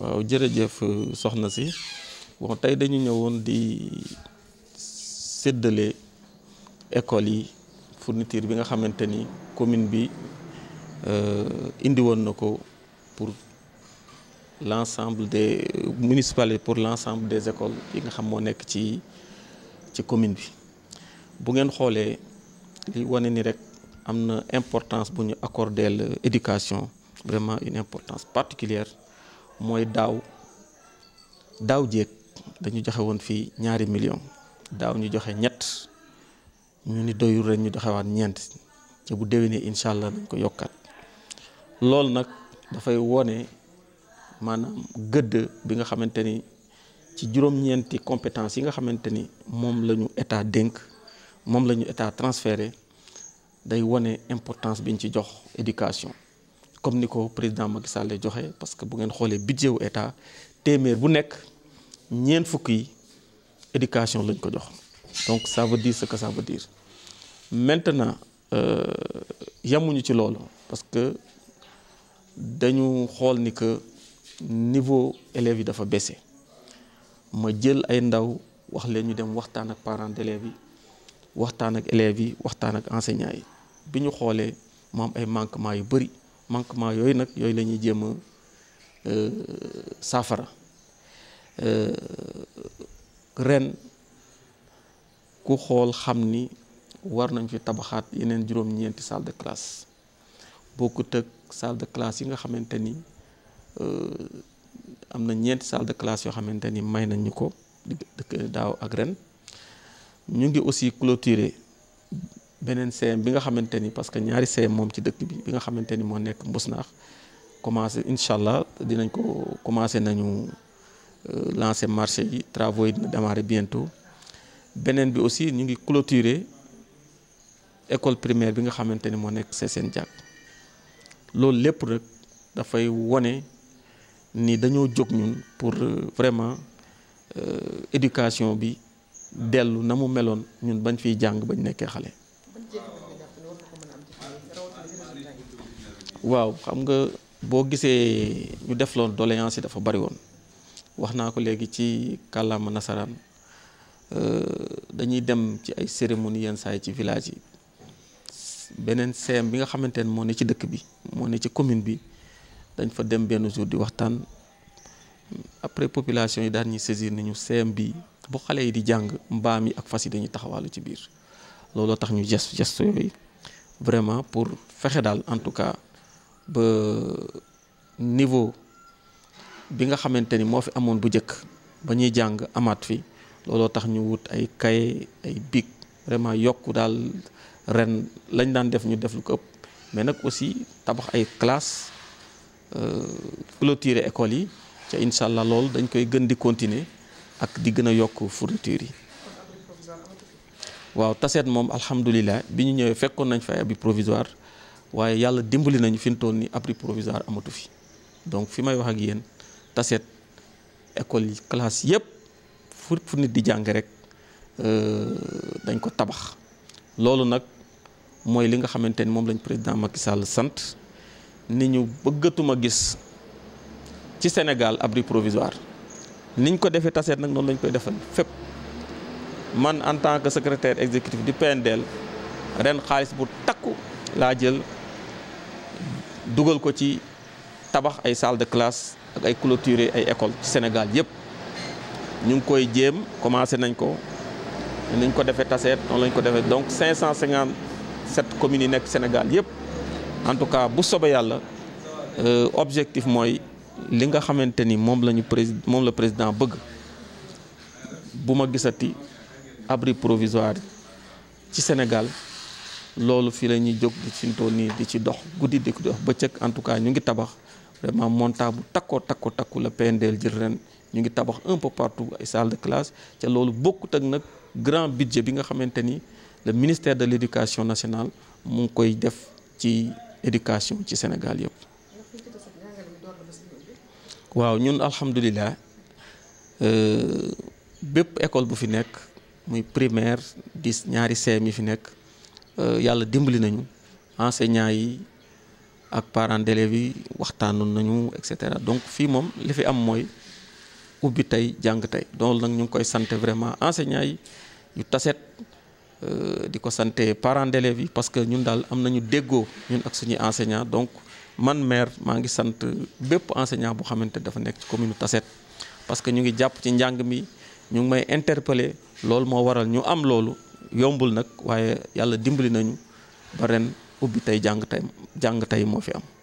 waaw jërëjëf euh, soxna si bon tey dañu ñëwoon di séddale école yi fourniture bi nga xamante ni commune bi euh, indi woon na ko pour l'ensemble de municipalités pour l'ensemble des écoles yi nga xam moo nekk ci ci commune bi bu ngeen xoolee li wane ni rek am na importance bu ñu accordeel éducation vraiment une importance particulière mooy daaw daaw jéeg dañu joxe woon fii ñaari million daaw ñu joxe ñett ñu ni doyul rek ñu joxewaat ñeent ci bu déwénee incha allah nañ ko yokkaat loolu nag dafay wone maanaam gëdd bi nga xamante ni ci juróom-ñeenti compétence yi nga xamante ni moom la ñu état dénk moom la ñu état transféré day wone importance biñ ci jox éducation comme ni ko président Macky Sall lay joxe parce que bu ngeen xoolee budget wu état téeméer bu nekk ñeen fukk yi éducation lañ ko jox donc ça veut dire ce que ça veut dire euh, yamuñu ci loolu parce que dañu xool ni que niveau élève yi dafa bése ma jël ay ndaw wax leen ñu dem waxtaan ak parents d'élèves yi waxtaan ak élèves yi waxtaan ak enseignants yi bi ñu xoolee moom ay manquements yu bëri. manquement yooyu nag yooyu la ñuy jéem a euh, saafara euh, ren ku xool xam ni war nañ fi tabaxaat yeneen juróom-ñeenti salle de classe bokkut ak salle de classe yi nga xamante ni euh, am na ñeenti salle de classe yoo xamante ni may nañ ñu ko daaw ak ren ñu ngi aussi cloture beneen CM bi nga xamante ni parce que ñaari CM moom ci dëkk bi bi nga xamante ni moo nekk Mbousnakh commencé incha allah dinañ ko commencé nañu euh, lancer marché yi travaux yi dina beneen bi aussi ñu ngi clôturer école primaire bi nga xamante ni moo nekk seen Diack loolu lépp rek dafay wone nii dañoo jóg ñun pour euh, vraiment euh, éducation bi dellu na mu meloon ñun bañ fiy jàng bañ nekkee xale. waaw xam nga boo gisee ñu def loon doléance yi dafa bari woon wax naa ko léegi ci kàllaama nasaraan euh, dañuy dem ci ay cérémonie yenn saa yi ci village yi beneen CM bi nga xamante ne moo ne ci dëkk bi moo ne ci commune bi dañ fa dem benn jour di waxtaan après population yi daan ñuy saisir nañu CM bi bu xale yi di jàng mbaam yi ak fas yi dañuy taxawaalu ci biir looloo tax ñu geste geste yooyu vraiment pour fexe daal en tout cas ba niveau bi nga xamante ni moo fi amoon bu njëkk ba ñuy jàng amaat fi looloo tax ñu wut ay kaye ay bic vraiment yokk daal ren lañ daan def ñu def lu ko ëpp mais nag aussi tabax ay classe euh, clôturer école yi ca incha allah loolu dañ koy gën di continuer ak di gën a yokk fourniture yi waaw taseet moom alhamdulilah bi ñu ñëwee fekkoon nañ fa ay abri provisoire waaye yàlla dimbali nañu fi mu toll nii abri provisoire amatu fi donc fi may wax ak yéen taset école yi classe yëpp fu fu nit di jàng rek euh, dañ ko tabax loolu nag mooy li nga xamante ni moom lañ président Macky Sall sant ni ñu bëggatuma gis ci Sénégal abri provisoire niñ ko defee taseet nag noonu lañ koy defal fépp man en tant que secrétaire exécutif du PNDL ren xaalis bu takku laa jël dugal ko ci tabax ay salle de classe ak ay cloturer ay école ci Sénégal yëpp ñu ngi koy jéem commencé nañ ko nañ ko defee taseet noonu lañ ko defee donc 557 communes yi nekk Sénégal yëpp en tout cas bu soobee yàlla euh, objectif mooy li nga xamante ni moom la ñu président moom la président bëgg bu ma gisati abri provisoire ci Sénégal loolu fii la ñuy jóg di ci tool nii di ci dox guddi di ko dox bëccëg en tout cas ñu ngi tabax vraiment montant bu takkoo takko takku la PNDL jël ren ñu ngi tabax un peu partout ay salle de classe ca loolu bokkut ak nag grand budget bi nga xamante ni le ministère de l' éducation nationale mu ngi koy def ci éducation ci Sénégal yëpp. waaw ñun alhamdulilah euh, bépp école bu fi nekk muy primère di ñaari CM yi fi nekk. Euh, yàlla dimbali nañu enseignants yi ak parents d'élèves yi waxtaanoon nañu et cetera donc fii moom li fi am mooy ubbi tey jàng tey donc nag ñu ngi koy sante vraiment enseignants yi yu taset euh, di ko sante parents d'élèves yi parce que ñun daal am nañu déggoo ñun ak suñuy enseignants donc man maire maa ngi sant bépp enseignant bu xamante dafa nekk ci commune Tassette parce que ñu ngi jàpp ci njàng mi ñu ngi may interpeller loolu moo waral ñu am loolu yombul nag waaye yàlla dimbali nañu ba ren ubbi tey jàng tey jàng tey moo fi am